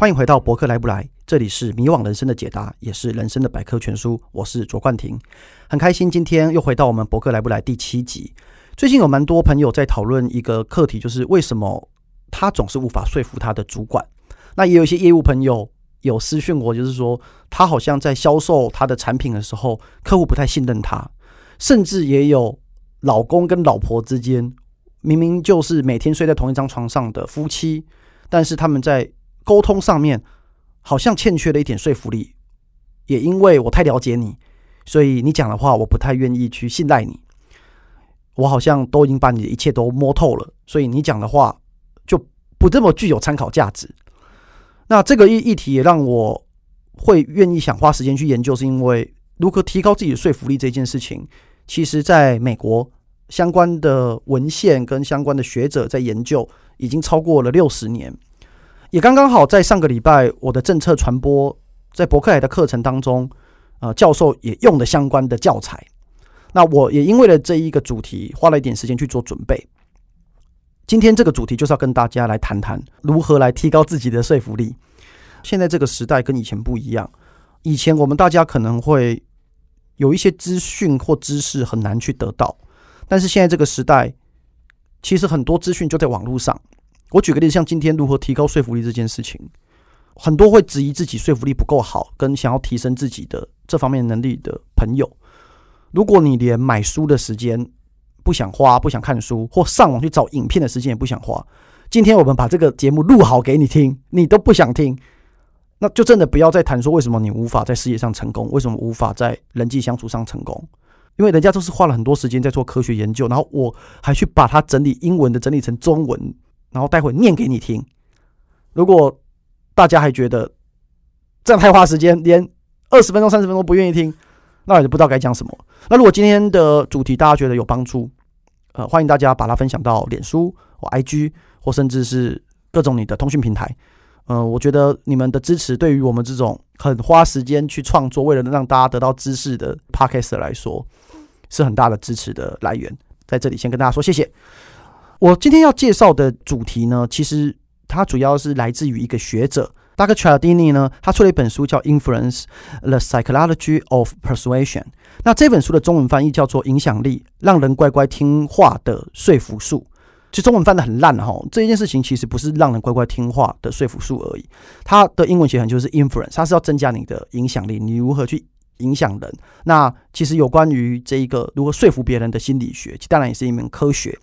歡迎回到柏克萊不來，這裡是迷惘人生的解答，也是人生的百科全書。我是卓冠廷，很開心今天又回到我們柏克萊不來第七集。最近有蠻多朋友在討論一個課題，就是為什麼他總是無法說服他的主管？那也有一些業務朋友有私訊我，就是說他好像在銷售他的產品的時候，客戶不太信任他。甚至也有老公跟老婆之間，明明就是每天睡在同一張床上的夫妻，但是他們在溝通上面好像欠缺了一點說服力，也因為我太了解你，所以你講的話我不太願意去信賴你。我好像都已經把你的一切都摸透了，所以你講的話就不這麼具有參考價值。那這個議議題也讓我會願意想花時間去研究，是因為如何提高自己的說服力這件事情，其實在美國相關的文獻跟相關的學者在研究已經超過了六十年。也剛剛好，在上個禮拜，我的政策傳播在柏克萊的課程當中，呃，教授也用了相關的教材。那我也因為了這一個主題，花了一點時間去做準備。今天這個主題就是要跟大家來談談如何來提高自己的說服力。現在這個時代跟以前不一樣，以前我們大家可能會有一些資訊或知識很難去得到，但是現在這個時代，其實很多資訊就在網絡上。我舉個例子，像今天如何提高說服力這件事情，很多會質疑自己說服力不夠好，跟想要提升自己的這方面能力的朋友，如果你連買書的時間不想花，不想看書，或上網去找影片的時間也不想花，今天我們把這個節目錄好給你聽，你都不想聽，那就真的不要再談說為什麼你無法在事業上成功，為什麼無法在人際相處上成功，因為人家都是花了很多時間在做科學研究，然後我還去把它整理英文的整理成中文。然後待會念給你聽。如果大家還覺得這樣太花時間，連二十分鐘、三十分鐘都不願意聽，那我也不知道該講什麼。那如果今天的主題大家覺得有幫助，呃，歡迎大家把它分享到臉書或 IG 或甚至是各種你的通訊平台。嗯、呃，我覺得你們的支持對於我們這種很花時間去創作，為了讓大家得到知識的 Podcast 來說，是很大的支持的來源。在這裡先跟大家說謝謝。我今天要介紹的主題呢，其實它主要是來自於一個學者，Dr. Cialdini 呢，他出了一本書叫《Influence: The Psychology of Persuasion》。那這本書的中文翻譯叫做《影響力：讓人乖乖聽話的說服術》，其實中文翻的很爛了、哦、哈。這一件事情其實不是讓人乖乖聽話的說服術而已，它的英文寫成就是 Influence 它是要增加你的影響力，你如何去？影響人，那其實有關於這一個如何說服別人的心理學，其當然也是一門科學。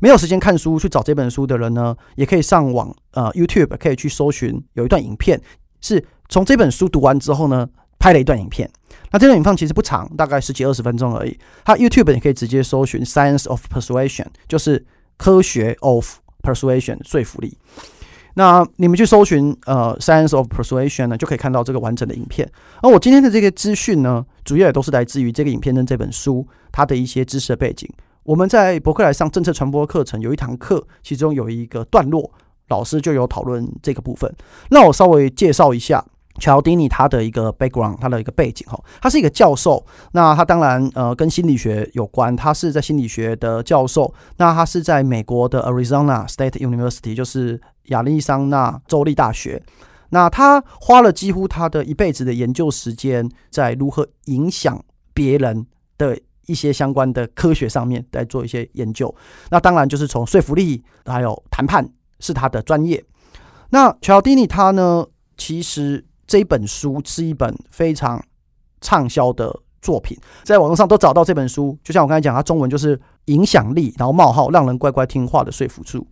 沒有時間看書去找這本書的人呢，也可以上網，呃，YouTube 可以去搜尋，有一段影片是從這本書讀完之後呢，拍了一段影片。那這段影片其實不長，大概十幾二十分鐘而已。它 YouTube 也可以直接搜尋 Science of Persuasion，就是科學 of persuasion，說服力。那你們去搜尋呃，Science of Persuasion 呢，就可以看到這個完整的影片。而我今天的這個資訊呢，主要也都是來自於這個影片跟這本書它的一些知識的背景。我們在柏克萊上政策傳播課程有一堂課，其中有一個段落，老師就有討論這個部分。那我稍微介紹一下喬迪尼他的一個 background，他的一個背景哈，他是一個教授。那他當然呃跟心理學有關，他是在心理學的教授。那他是在美國的 Arizona State University，就是。亞利桑那州立大學，那他花了幾乎他的一輩子的研究時間，在如何影響別人的一些相關的科學上面在做一些研究。那當然就是從說服力還有談判是他的專業。那喬迪尼他呢，其實這一本書是一本非常暢銷的作品，在網絡上都找到這本書。就像我剛才講，他中文就是“影響力”，然後冒號讓人乖乖聽話的說服術。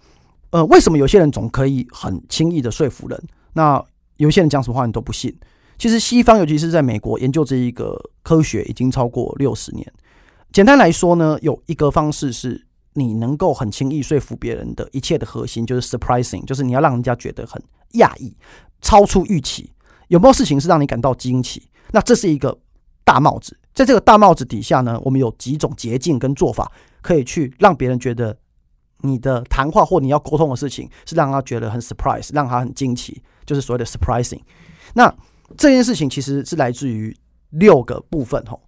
呃，為什麼有些人總可以很輕易地說服人？那有些人講什麼話你都不信。其實西方，尤其是在美國，研究這一個科學已經超過六十年。簡單來說呢，有一個方式是你能夠很輕易說服別人的一切的核心就是 surprising，就是你要讓人家覺得很訝異，超出預期。有沒有事情是讓你感到驚奇？那這是一個大帽子，在這個大帽子底下呢，我們有幾種捷徑跟做法可以去讓別人覺得。你的談話或你要溝通的事情是讓他覺得很 surprise，讓他很驚奇，就是所謂的 surprising。那這件事情其實是來自於六個部分吼。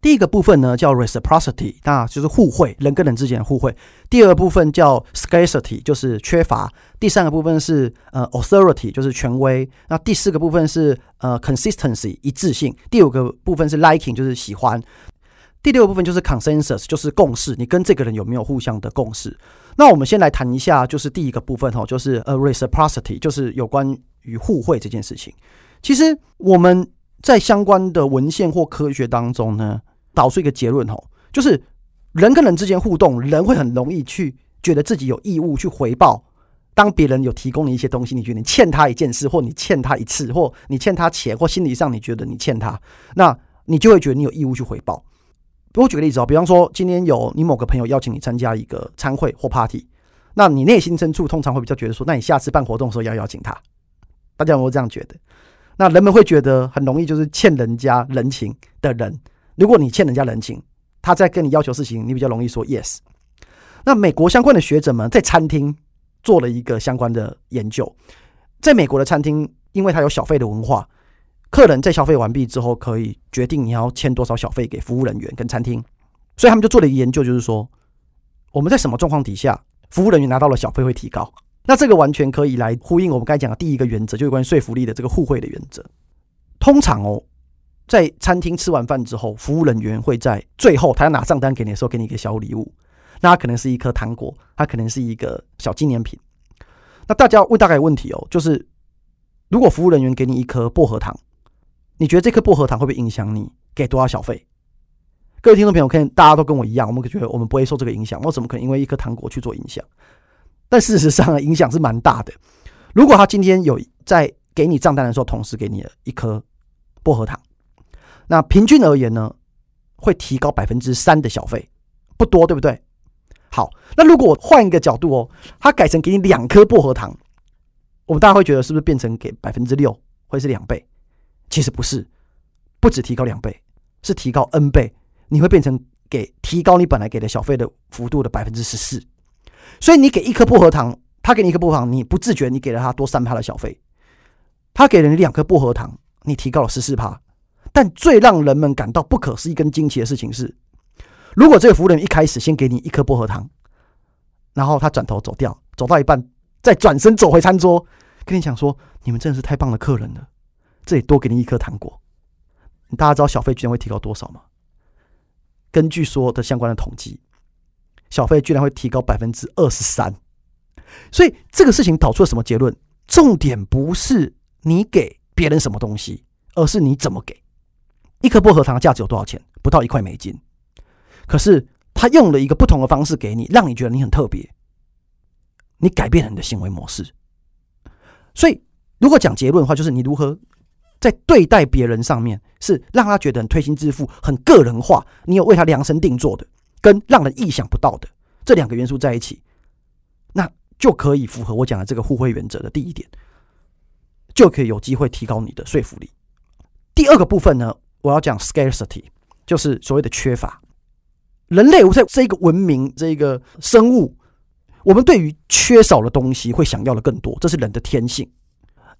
第一個部分呢叫 reciprocity，那就是互惠，人跟人之間的互惠。第二個部分叫 scarcity，就是缺乏。第三個部分是呃 authority，就是權威。那第四個部分是呃 consistency，一致性。第五個部分是 liking，就是喜歡。第六個部分就是 consensus，就是共識。你跟這個人有沒有互相的共識？那我們先來談一下，就是第一個部分吼，就是 a reciprocity，就是有關於互惠這件事情。其實我們在相關的文獻或科學當中呢，導出一個結論吼，就是人跟人之間互動，人會很容易去覺得自己有義務去回報。當別人有提供你一些東西，你覺得你欠他一件事，或你欠他一次，或你欠他錢，或心理上你覺得你欠他，那你就會覺得你有義務去回報。給我舉個例子啊、哦，比方說今天有你某個朋友邀請你參加一個餐會或 party，那你內心深處通常會比較覺得說，那你下次辦活動的時候要邀請他。大家有沒有這樣覺得？那人們會覺得很容易就是欠人家人情的人，如果你欠人家人情，他在跟你要求事情，你比較容易說 yes。那美國相關的學者們在餐廳做了一個相關的研究，在美國的餐廳，因為它有小費的文化。客人在消費完畢之後，可以決定你要簽多少小費給服務人員跟餐廳，所以他們就做了一個研究，就是說我們在什麼狀況底下，服務人員拿到了小費會提高。那這個完全可以來呼應我們剛才講的第一個原則，就是關於說服力的這個互惠的原則。通常哦，在餐廳吃完飯之後，服務人員會在最後他要拿賬單給你的時候，給你一個小禮物，那他可能是一顆糖果，他可能是一個小紀念品。那大家要問大概問題哦，就是如果服務人員給你一顆薄荷糖，你覺得這顆薄荷糖會不會影響你給多少小費？各位聽眾朋友看，可能大家都跟我一樣，我們覺得我們不會受這個影響，我怎麼可能因為一顆糖果去做影響？但事實上，影響是蠻大的。如果他今天有在給你賬單的時候，同時給你了一顆薄荷糖，那平均而言呢，會提高百分之三的小費，不多，對不對？好，那如果換一個角度哦，他改成給你兩顆薄荷糖，我們大家會覺得是不是變成給百分之六，或是兩倍？其實不是，不只提高兩倍，是提高 N 倍。你會變成給提高你本來給的小費的幅度的百分之十四。所以你給一顆薄荷糖，他給你一顆薄荷糖，你不自覺你給了他多三趴的小費。他給了你兩顆薄荷糖，你提高了十四趴。但最讓人們感到不可思議、跟驚奇的事情是，如果這個服務員一開始先給你一顆薄荷糖，然後他轉頭走掉，走到一半再轉身走回餐桌，跟你講說：“你們真的是太棒的客人了。”這裡多給你一顆糖果，大家知道小費居然會提高多少嗎？根據說的相關的統計，小費居然會提高百分之二十三。所以這個事情導出了什麼結論？重點不是你給別人什麼東西，而是你怎麼給。一顆薄荷糖的價值有多少錢？不到一塊美金。可是他用了一個不同的方式給你，讓你覺得你很特別，你改變了你的行為模式。所以如果講結論的話，就是你如何。在對待別人上面，是讓他覺得很推心置腹、很個人化。你有為他量身定做的，跟讓人意想不到的這兩個元素在一起，那就可以符合我講的這個互惠原則的第一點，就可以有機會提高你的說服力。第二個部分呢，我要講 scarcity，就是所謂的缺乏。人類我在這個文明這個生物，我們對於缺少的東西會想要的更多，這是人的天性。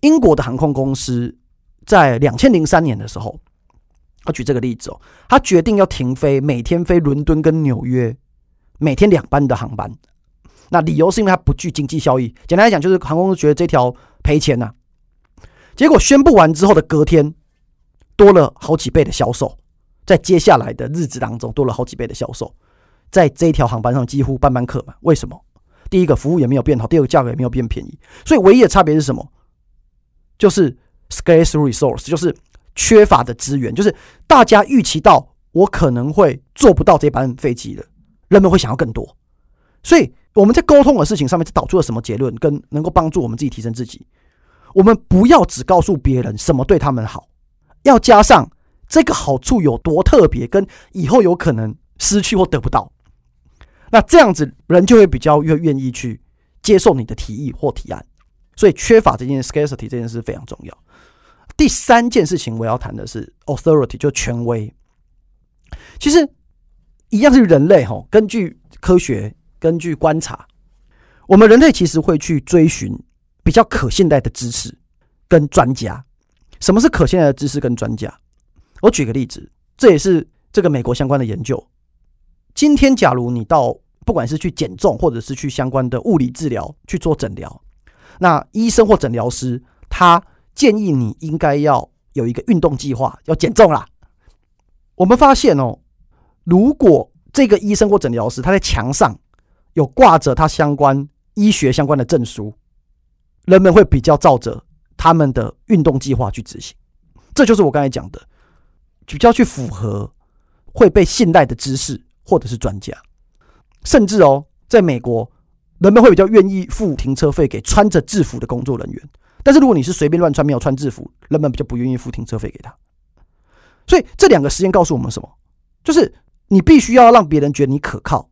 英國的航空公司，在2003年的時候，我舉這個例子哦，他決定要停飛每天飛倫敦跟紐約每天兩班的航班。那理由是因為他不具經濟效益。簡單來講，就是航空公司覺得這條賠錢啊，結果宣布完之後的隔天，多了好幾倍的銷售。在接下來的日子當中，多了好幾倍的銷售。在這一條航班上幾乎班班客滿。為什麼？第一個服務也沒有變好，第二個價格也沒有變便宜。所以唯一的差別是什麼？就是。Scarce resource 就是缺乏的資源，就是大家預期到我可能會坐不到這班飛機的人們會想要更多。所以我們在溝通的事情上面是導出了什麼結論，跟能夠幫助我們自己提升自己。我們不要只告訴別人什麼對他們好，要加上這個好處有多特別，跟以後有可能失去或得不到。那這樣子人就會比較願願意去接受你的提議或提案。所以缺乏這件 scarcity 這件事非常重要。第三件事情我要談的是 authority，就權威。其實一樣是人類，根據科學，根據觀察，我們人類其實會去追尋比較可信賴的知識跟專家。什麼是可信賴的知識跟專家？我舉個例子，這也是這個美國相關的研究。今天，假如你到不管是去減重，或者是去相關的物理治療去做診療，那醫生或診療師他。建議你應該要有一個運動計劃，要減重啦。我們發現哦，如果這個醫生或診療師他在牆上有掛着他相關醫學相關的證書，人們會比較照着他們的運動計劃去執行。這就是我剛才講的，比較去符合會被信賴的知識或者是專家。甚至哦，在美國，人們會比較願意付停車費給穿着制服的工作人員。但是如果你是隨便亂穿，沒有穿制服，人們就不願意付停車費給他。所以這兩個實驗告訴我們什麼？就是你必須要讓別人覺得你可靠，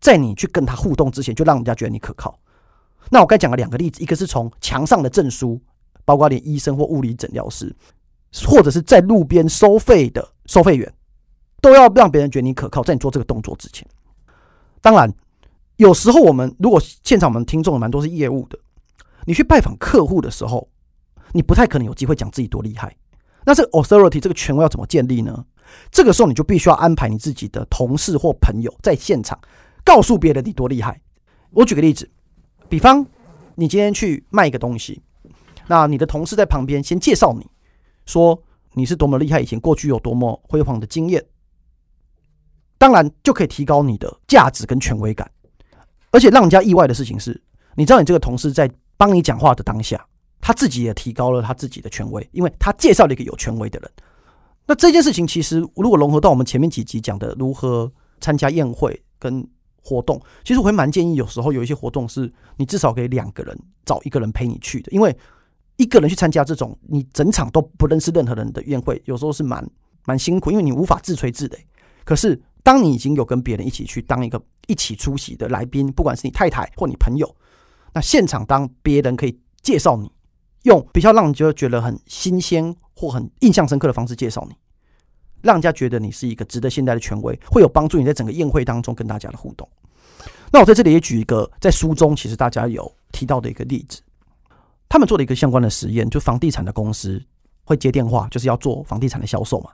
在你去跟他互動之前，就讓人家覺得你可靠。那我剛講了兩個例子，一個是從牆上的證書，包括連醫生或物理診療師，或者是在路邊收費的收費員，都要讓別人覺得你可靠，在你做這個動作之前。當然，有時候我們如果現場我們聽眾蠻多是業務的。你去拜訪客戶的時候，你不太可能有機會講自己多厲害。那這個 authority 這個權威要怎麼建立呢？這個時候你就必須要安排你自己的同事或朋友在現場，告訴別人你多厲害。我舉個例子，比方你今天去賣一個東西，那你的同事在旁邊先介紹你，說你是多麼厲害，以前過去有多麼輝煌的經驗，當然就可以提高你的價值跟權威感。而且讓人家意外的事情是，你知道你這個同事在。幫你講話的當下，他自己也提高了他自己的權威，因為他介紹了一個有權威的人。那這件事情其實，如果融合到我們前面幾集講的如何參加宴會跟活動，其實我會蠻建議，有時候有一些活動是，你至少可以兩個人找一個人陪你去的，因為一個人去參加這種你整場都不認識任何人的宴會，有時候是蠻蠻辛苦，因為你無法自吹自擂。可是當你已經有跟別人一起去當一個一起出席的來賓，不管是你太太或你朋友。那現場當別人可以介紹你，用比較讓人覺得覺得很新鮮或很印象深刻的方式介紹你，讓人家覺得你是一個值得信賴的權威，會有幫助你在整個宴會當中跟大家的互動。那我在這裡也舉一個在書中其實大家有提到的一個例子，他們做了一個相關的實驗，就房地產的公司會接電話，就是要做房地產的銷售嘛。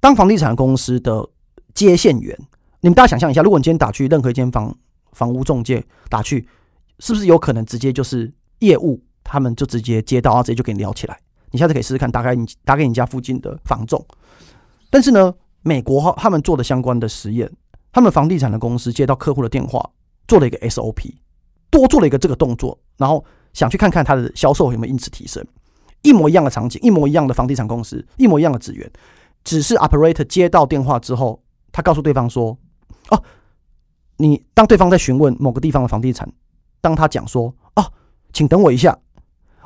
當房地產的公司的接線員，你們大家想象一下，如果你今天打去任何一間房房屋中介打去，是不是有可能直接就是業務，他們就直接接到，然後直接就給你聊起來？你下次可以試試看，打給你打給你家附近的房仲。但是呢，美國哈他們做的相關的實驗，他們房地產的公司接到客戶的電話，做了一個 SOP，多做了一個這個動作，然後想去看看他的銷售有沒有因此提升。一模一樣的場景，一模一樣的房地產公司，一模一樣的資源，只是 operator 接到電話之後，他告訴對方說：“哦，你當對方在詢問某個地方的房地產。”當他講說：“哦、啊，請等我一下，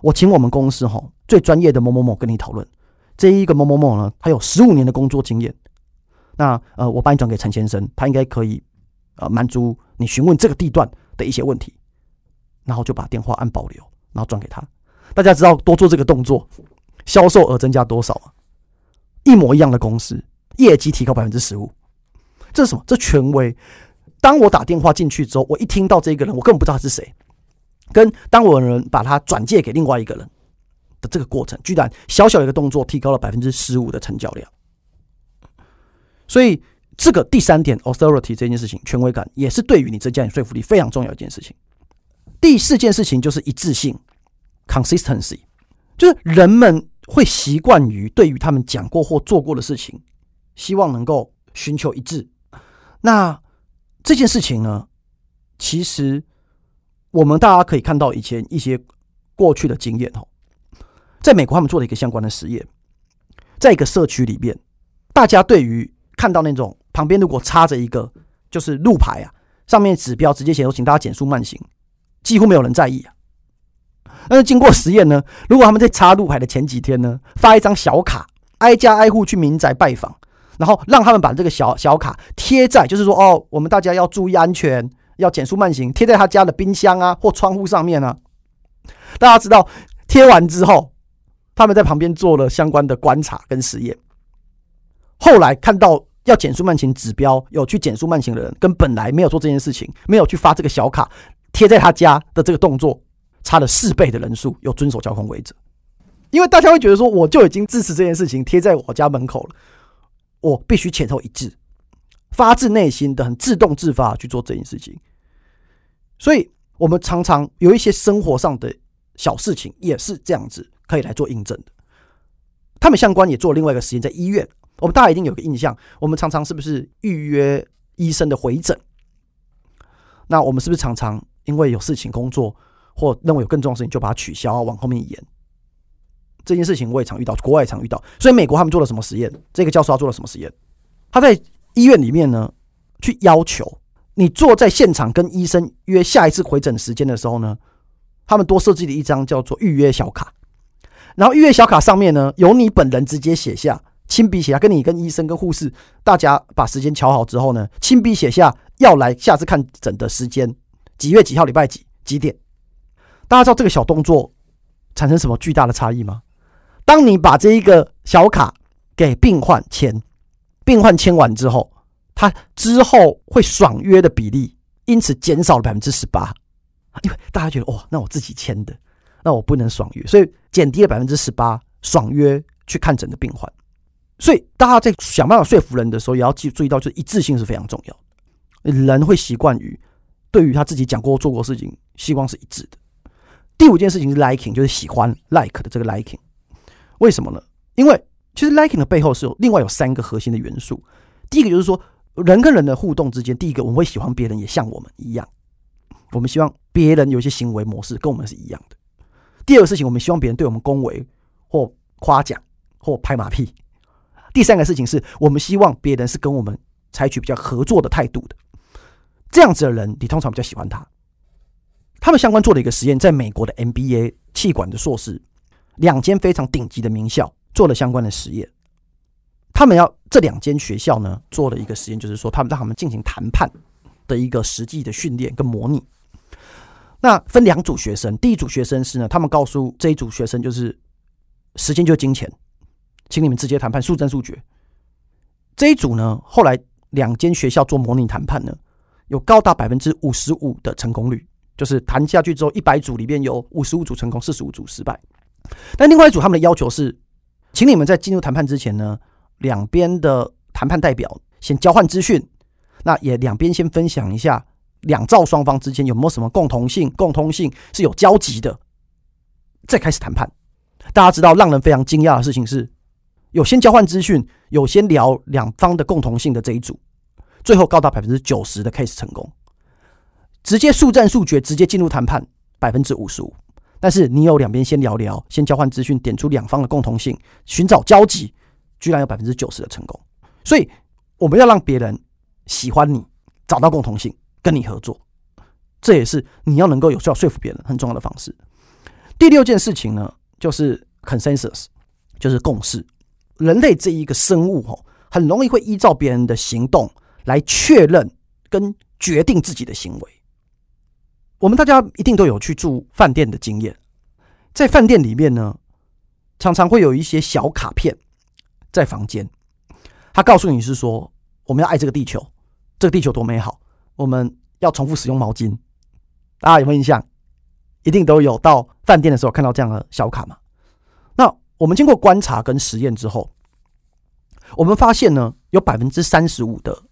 我請我們公司齁最專業的某某某跟你討論。這一個某某某呢，他有十五年的工作經驗。那呃，我幫你轉給陳先生，他應該可以呃滿足你詢問這個地段的一些問題。然後就把電話按保留，然後轉給他。大家知道多做這個動作，銷售額增加多少啊？一模一樣的公司，業績提高百分之十五。這是什麼？這權威。”當我打電話進去之後，我一聽到這個人，我根本不知道他是誰。跟當我人把他轉介給另外一個人的這個過程，居然小小一個動作提高了百分之十五的成交量。所以，這個第三點，authority 這件事情，權威感也是對於你增加說服力非常重要的一件事情。第四件事情就是一致性 （consistency），就是人們會習慣於對於他們講過或做過的事情，希望能夠尋求一致。那這件事情呢，其實我們大家可以看到以前一些過去的經驗哦，在美國他們做了一個相關的實驗，在一個社區裡面，大家對於看到那種旁邊如果插着一個就是路牌啊，上面指標直接寫說，請大家減速慢行，幾乎沒有人在意啊。但是經過實驗呢，如果他們在插路牌的前幾天呢，發一張小卡，挨家挨戶去民宅拜訪。然後讓他們把這個小小卡貼在，就是說哦，我們大家要注意安全，要減速慢行，貼在他家的冰箱啊或窗戶上面啊。大家知道，貼完之後，他們在旁邊做了相關的觀察跟實驗。後來看到要減速慢行指標有去減速慢行的人，跟本來沒有做這件事情、沒有去發這個小卡貼在他家的這個動作，差了四倍的人數有遵守交通規則。因為大家會覺得說，我就已經支持這件事情，貼在我家門口了。我必須前後一致，發自內心的很自動自發去做這件事情。所以，我們常常有一些生活上的小事情也是這樣子可以來做印證的。他們相關也做了另外一個實驗，在醫院。我們大家一定有個印象，我們常常是不是預約醫生的回診？那我們是不是常常因為有事情工作或認為有更重要的事情，就把它取消，往後面延？這件事情我也常遇到，國外也常遇到。所以美國他們做了什麼實驗？這個教授他做了什麼實驗？他在醫院裡面呢，去要求你坐在現場跟醫生約下一次回診時間的時候呢，他們多設計了一張叫做預約小卡。然後預約小卡上面呢，由你本人直接寫下，親筆寫下，跟你跟醫生、跟護士大家把時間調好之後呢，親筆寫下要來下次看診的時間，幾月幾號、禮拜幾幾點。大家知道這個小動作產生什麼巨大的差異嗎？當你把這一個小卡給病患簽，病患簽完之後，他之後會爽約的比例因此減少了百分之十八，因為大家覺得哦，那我自己簽的，那我不能爽約，所以減低了百分之十八爽約去看診的病患，所以大家在想辦法說服人的時候，也要記注意到，就是一致性是非常重要，人會習慣於對於他自己講過做過事情，希望是一致的。第五件事情是 liking，就是喜歡 like 的這個 liking。為什麼呢？因為其實 liking 的背後是有另外有三個核心的元素。第一個就是說，人跟人的互動之間，第一個我們會喜歡別人也像我們一樣，我們希望別人有一些行為模式跟我們是一樣的。第二個事情，我們希望別人對我們恭維或誇獎或拍馬屁。第三個事情是，我們希望別人是跟我們採取比較合作的態度的。這樣子的人，你通常比較喜歡他。他們相關做了一個實驗，在美國的 MBA 企管的碩士。兩間非常頂級的名校做了相關的實驗，他們要這兩間學校呢做了一個實驗，就是說他們讓他們進行談判的一個實際的訓練跟模擬。那分兩組學生，第一組學生是呢，他們告訴這一組學生，就是時間就是金錢，請你們直接談判，速戰速決。這一組呢，後來兩間學校做模擬談判呢，有高達百分之五十五的成功率，就是談下去之後，一百組裡面有五十五組成功，四十五組失敗。但另外一組他們的要求是，請你們在進入談判之前呢，兩邊的談判代表先交換資訊，那也兩邊先分享一下兩造雙方之間有沒有什麼共同性、共通性是有交集的，再開始談判。大家知道讓人非常驚訝的事情是，有先交換資訊，有先聊兩方的共同性的這一組，最後高達百分之九十的 case 成功，直接速戰速決，直接進入談判百分之五十五。但是你有兩邊先聊聊，先交換資訊，點出兩方的共同性，尋找交集，居然有百分之九十的成功。所以我們要讓別人喜歡你，找到共同性跟你合作，這也是你要能夠有效說服別人很重要的方式。第六件事情呢，就是 consensus，就是共識。人類這一個生物哦，很容易會依照別人的行動來確認跟決定自己的行為。我們大家一定都有去住飯店的經驗，在飯店裡面呢，常常會有一些小卡片在房間，他告訴你是說我們要愛這個地球，這個地球多美好，我們要重複使用毛巾。大家有沒有印象？一定都有到飯店的時候看到這樣的小卡嘛？那我們經過觀察跟實驗之後，我們發現呢，有百分之三十五的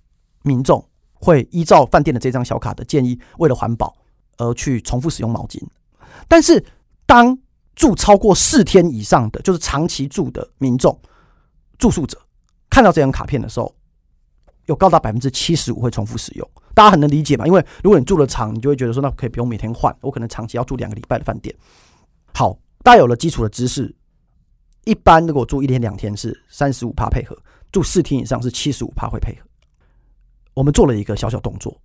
民眾會依照飯店的這張小卡的建議，為了環保，而去重複使用毛巾，但是當住超過四天以上的，就是長期住的民眾、住宿者，看到這張卡片的時候，有高達百分之七十五會重複使用。大家很能理解嘛？因為如果你住了長，你就會覺得說，那可以不用每天換。我可能長期要住兩個禮拜的飯店。好，大家有了基礎的知識，一般如果住一天兩天是三十五趴配合，住四天以上是七十五趴，會配合。我們做了一個小小動作。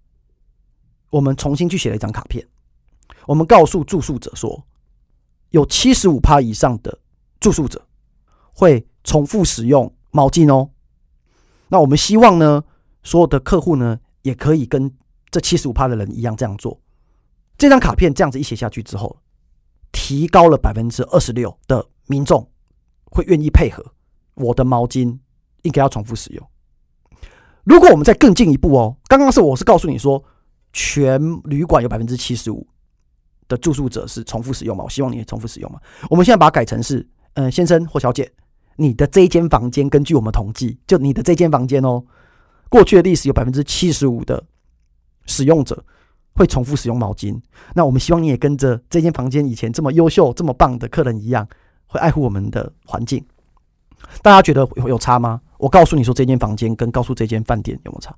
我們重新去寫了一張卡片，我們告訴住宿者說，有七十五趴以上的住宿者會重複使用毛巾哦。那我們希望呢，所有的客戶呢，也可以跟這七十五趴的人一樣這樣做。這張卡片這樣子一寫下去之後，提高了百分之二十六的民眾會願意配合，我的毛巾應該要重複使用。如果我們再更進一步哦，剛剛是我是告訴你說。全旅館有百分之七十五的住宿者是重複使用嗎？我希望你也重複使用嗎？我們現在把它改成是，嗯、呃，先生或小姐，你的這一間房間根據我們統計，就你的這間房間哦，過去的歷史有百分之七十五的使用者會重複使用毛巾。那我們希望你也跟着這間房間以前這麼優秀、這麼棒的客人一樣，會愛護我們的環境。大家覺得有，有差嗎？我告訴你說，這間房間跟告訴這間飯店有沒有差？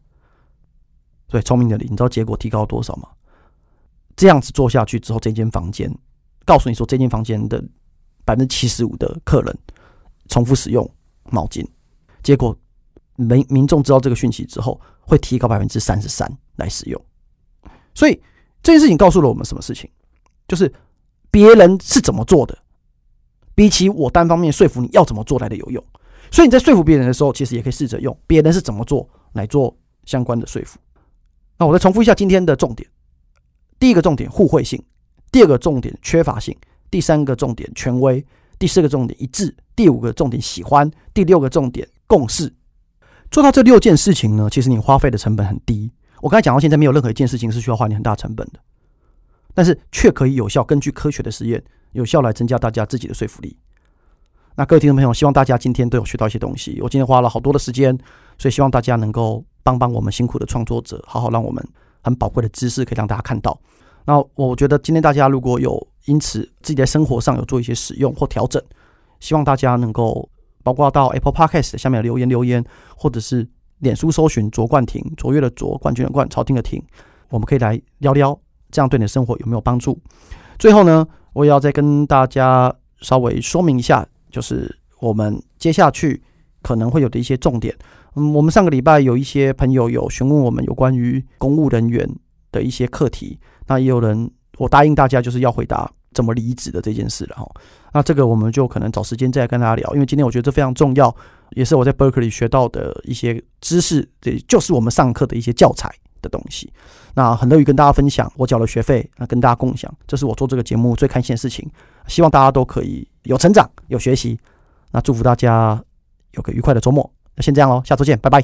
所以聰明的你，你知道結果提高了多少嗎？這樣子做下去之後，這間房間告訴你說，這間房間的百分之七十五的客人重複使用毛巾。結果民民眾知道這個訊息之後，會提高百分之三十三來使用。所以這件事情告訴了我們什麼事情？就是別人是怎麼做的，比起我單方面說服你要怎麼做來的有用。所以你在說服別人的時候，其實也可以試着用別人是怎麼做來做相關的說服。那我再重複一下今天的重點：第一個重點互惠性，第二個重點缺乏性，第三個重點權威，第四個重點一致，第五個重點喜歡，第六個重點共識。做到這六件事情呢，其實你花費的成本很低。我剛才講到現在，沒有任何一件事情是需要花你很大成本的，但是卻可以有效根據科學的實驗，有效來增加大家自己的說服力。那各位聽眾朋友，希望大家今天都有學到一些東西。我今天花了好多的時間，所以希望大家能夠幫幫我們辛苦的創作者，好好讓我們很寶貴的知識可以讓大家看到。那我覺得今天大家如果有因此自己在生活上有做一些使用或調整，希望大家能夠包括到 Apple Podcast 下面留言留言，或者是臉書搜尋卓冠廷，卓越的卓，冠軍的冠，朝廷的廷，我們可以來聊聊，這樣對你的生活有沒有幫助？最後呢，我也要再跟大家稍微說明一下。就是我們接下去可能會有的一些重點。嗯，我們上個禮拜有一些朋友有詢問我們有關於公務人員的一些課題，那也有人，我答應大家就是要回答怎麼離職的這件事了哈。那這個我們就可能找時間再跟大家聊，因為今天我覺得這非常重要，也是我在 Berkeley 學到的一些知識，這就是我們上課的一些教材的東西。那很樂於跟大家分享，我繳了學費，那跟大家共享，這是我做這個節目最開心的事情。希望大家都可以有成長，有學習。那祝福大家有個愉快的週末。那先這樣嘍，下周見，拜拜。